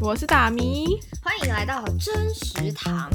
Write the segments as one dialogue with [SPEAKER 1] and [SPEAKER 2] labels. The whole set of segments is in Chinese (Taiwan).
[SPEAKER 1] 我是大咪，歡迎來到真食堂。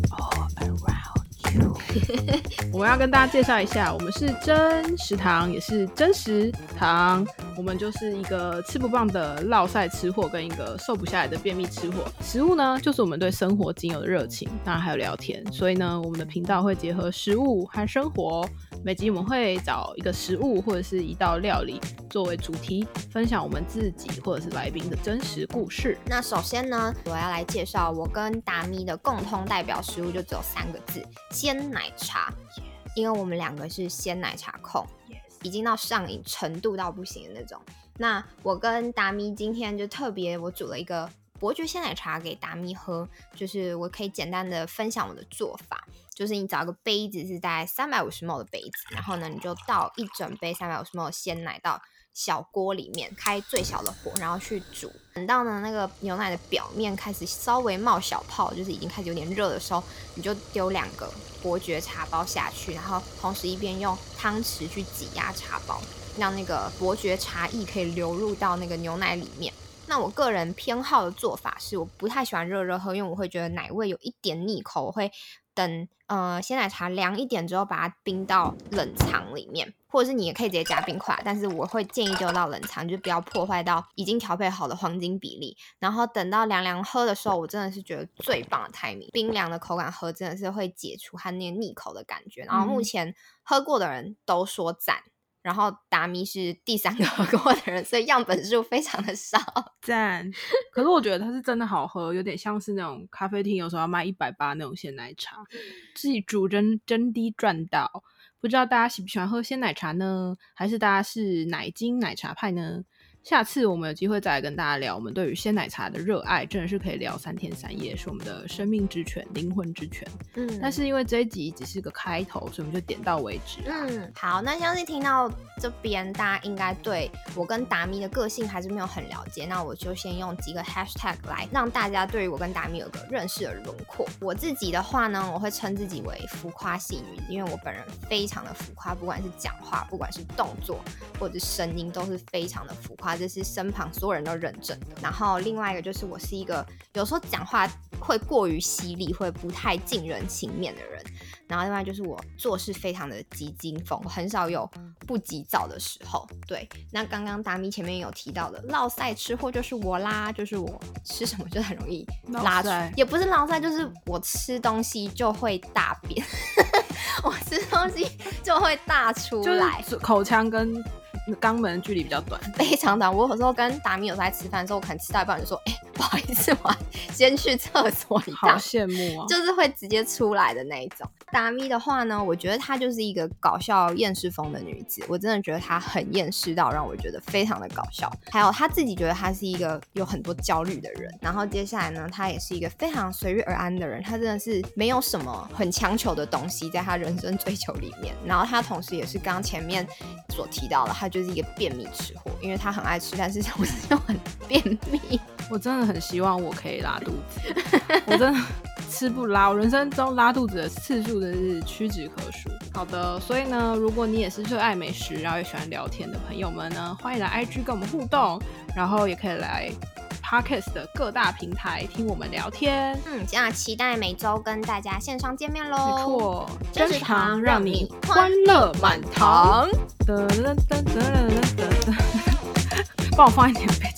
[SPEAKER 1] 我們要跟大家介紹一下，我們是真食堂，也是真食堂。我們就是一個吃不胖的落賽吃貨，跟一個瘦不下來的便秘吃貨。食物呢，就是我們對生活僅有的熱情，當然還有聊天。所以呢，我們的頻道會結合食物和生活。每集我們會找一個食物，或者是一道料理作為主題，分享我們自己或者是來賓的真實故事。那首先呢，我要來介紹我跟達咪的
[SPEAKER 2] 共通代表食物，就只有三個字：鮮奶茶。Yes. 因為我們兩個是鮮奶茶控，Yes. 已經到上癮程度到不行的那種。那我跟達咪今天就特別，我煮了一個。伯爵鮮奶茶給達咪喝，就是我可以簡單的分享我的做法，就是你找一個杯子，是在三百五十毫升的杯子，然後呢，你就倒一整杯三百五十毫升的鮮奶到小鍋裡面，開最小的火，然後去煮，等到呢那個牛奶的表面開始稍微冒小泡，就是已經開始有點熱的時候，你就丟兩個伯爵茶包下去，然後同時一邊用湯匙去擠壓茶包，讓那個伯爵茶液可以流入到那個牛奶裡面。那我個人偏好的做法是，我不太喜歡熱熱喝，因為我會覺得奶味有一點膩口。我會等，呃，鮮奶茶涼一點之後，把它冰到冷藏裡面，或者是你也可以直接加冰塊。但是我會建議就到冷藏，就不要破壞到已經調配好的黃金比例。然後等到涼涼喝的時候，我真的是覺得最棒的 timing，冰涼的口感喝真的是會解除它那個膩口的感覺。嗯、然後目前喝過的人都說讚。然後達米是第三個跟我的人，所以樣本數非常的
[SPEAKER 1] 少。讚，可是我覺得它是真的好喝， 有點像是那種咖啡廳有時候要賣一百八那種鮮奶茶，自己煮真真的賺到。不知道大家喜不喜歡喝鮮奶茶呢？還是大家是奶精奶茶派呢？下次我們有機會再來跟大家聊，我們對於鮮奶茶的熱愛真的是可以聊三天三夜，是我們的生命之泉、靈魂之泉。嗯，但是因為這一集只是個開頭，所以我們就點到為止。
[SPEAKER 2] 嗯，好，那相信聽到這邊，大家應該對我跟達米的個性還是沒有很了解，那我就先用幾個 hashtag 來讓大家對於我跟達米有個認識的輪廓。我自己的話呢，我會稱自己為浮誇型女子，因為我本人非常的浮誇，不管是講話、不管是動作或者是聲音，都是非常的浮誇。就是身旁所有人都認證的。然後另外一個就是我是一個有時候講話會過於犀利，會不太近人情面的人。然後另外就是我做事非常的急驚風，我很少有不急躁的時候。對，那剛剛達米前面有提到的，落賽吃貨就是我啦，就是我吃什麼就很容易拉出來，塞也不是落賽，就是我吃東西就會大便， 我吃東西就會大
[SPEAKER 1] 出來，就是口腔跟肛門距離比較短，非
[SPEAKER 2] 常短。我有時候跟達米有時候在吃飯的時候，我可能吃到一半就說：“哎。”不好意思，我先去廁所一趟。你好羨慕啊，就是會直接出來的那一種。達咪的話呢，我覺得她就是一個搞笑厭世風的女子。我真的覺得她很厭世到讓我覺得非常的搞笑。還有她自己覺得她是一個有很多焦慮的人。然後接下來呢，她也是一個非常隨遇而安的人。她真的是沒有什麼很強求的東西在她人生追求裡面。然後她同時也是剛剛前面所提到的，她就是一個便秘吃貨，因為她很愛吃，但是同時又很
[SPEAKER 1] 便秘。我真的很希望我可以拉肚子，我真的吃不拉，我人生中拉肚子的次數真是屈指可數。好的，所以呢，如果你也是熱愛美食，然後也喜歡聊天的朋友們呢，歡迎來 IG 跟我們互動，然後也可以來 Podcast 的各大平台聽我們聊天。嗯，這樣期待
[SPEAKER 2] 每周跟大家線上見面嘍。沒錯，真是糖讓
[SPEAKER 1] 你歡樂滿堂。噔噔噔噔噔噔噔，幫我放一點背